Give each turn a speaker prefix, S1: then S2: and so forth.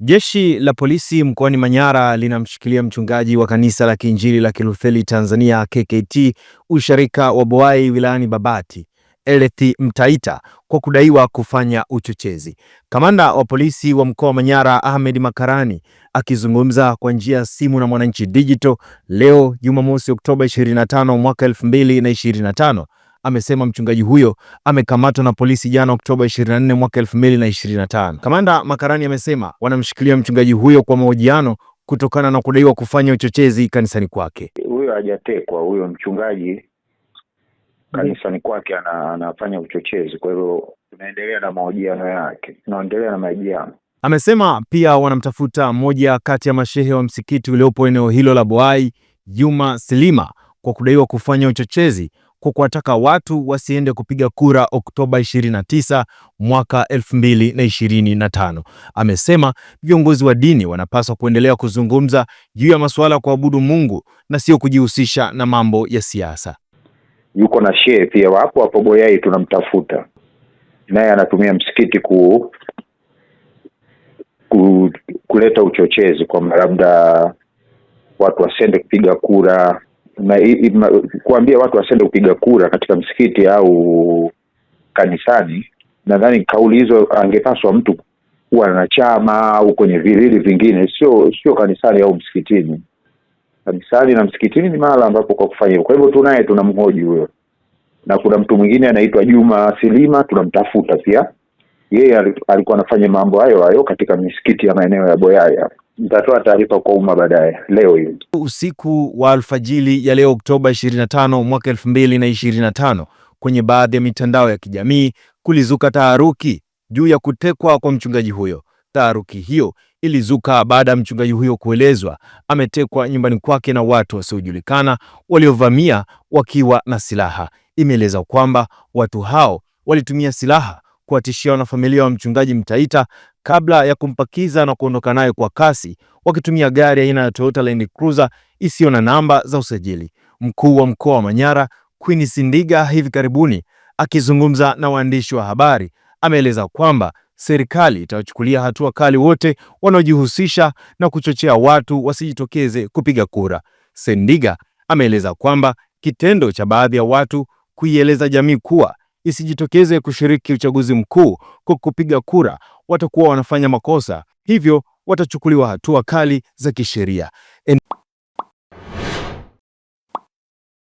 S1: Jeshi la polisi mkoani Manyara linamshikilia mchungaji wa kanisa la Kiinjili la Kilutheri Tanzania KKT usharika wa boai wilayani Babati Eleth Mtaita kwa kudaiwa kufanya uchochezi. Kamanda wa polisi wa mkoa wa Manyara Ahmed Makarani akizungumza kwa njia ya simu na Mwananchi Digital leo Jumamosi Oktoba 25 mwaka 2025 amesema mchungaji huyo amekamatwa na polisi jana Oktoba 24 mwaka 2025. Kamanda Makarani amesema wanamshikilia mchungaji huyo kwa mahojiano kutokana na kudaiwa kufanya uchochezi kanisani kwake.
S2: Huyo hajatekwa, huyo mchungaji kanisani kwake ana, anafanya uchochezi, kwa hivyo tunaendelea na mahojiano yake, tunaendelea na mahojiano.
S1: Amesema pia wanamtafuta mmoja kati ya mashehe wa msikiti uliopo eneo hilo la Boai, Juma Silima, kwa kudaiwa kufanya uchochezi kwa kuwataka watu wasiende kupiga kura Oktoba 29 mwaka 2025. Amesema viongozi wa dini wanapaswa kuendelea kuzungumza juu ya masuala ya kuabudu Mungu na sio kujihusisha na mambo ya siasa.
S2: Yuko na shehe pia wapo hapo Boyai, tunamtafuta naye, anatumia msikiti ku, ku kuleta uchochezi kwamba labda watu wasiende kupiga kura na kuambia watu wasende kupiga kura katika msikiti au kanisani, nadhani kauli hizo angepaswa mtu kuwa na chama au kwenye vilili vingine, sio sio kanisani au msikitini. Kanisani na msikitini ni mahala ambapo kwa kufanya. Kwa hivyo tunaye, tuna mhoji huyo, na kuna mtu mwingine anaitwa Juma Silima, tunamtafuta pia yeye. Alikuwa anafanya mambo hayo hayo katika misikiti ya maeneo ya Boyaya. Nitatoa taarifa kwa umma baadaye leo hii.
S1: Usiku wa alfajili ya leo Oktoba 25 mwaka 2025, kwenye baadhi ya mitandao ya kijamii kulizuka taharuki juu ya kutekwa kwa mchungaji huyo. Taharuki hiyo ilizuka baada ya mchungaji huyo kuelezwa ametekwa nyumbani kwake na watu wasiojulikana waliovamia wakiwa na silaha. Imeeleza kwamba watu hao walitumia silaha kuwatishia wanafamilia wa mchungaji Mtaita kabla ya kumpakiza na kuondoka naye kwa kasi wakitumia gari aina ya Toyota Land Cruiser isiyo na namba za usajili. Mkuu wa mkoa wa Manyara Queen Sindiga hivi karibuni akizungumza na waandishi wa habari ameeleza kwamba serikali itawachukulia hatua kali wote wanaojihusisha na kuchochea watu wasijitokeze kupiga kura. Sindiga ameeleza kwamba kitendo cha baadhi ya watu kuieleza jamii kuwa isijitokeze kushiriki uchaguzi mkuu kwa kupiga kura, watakuwa wanafanya makosa, hivyo watachukuliwa hatua kali za kisheria.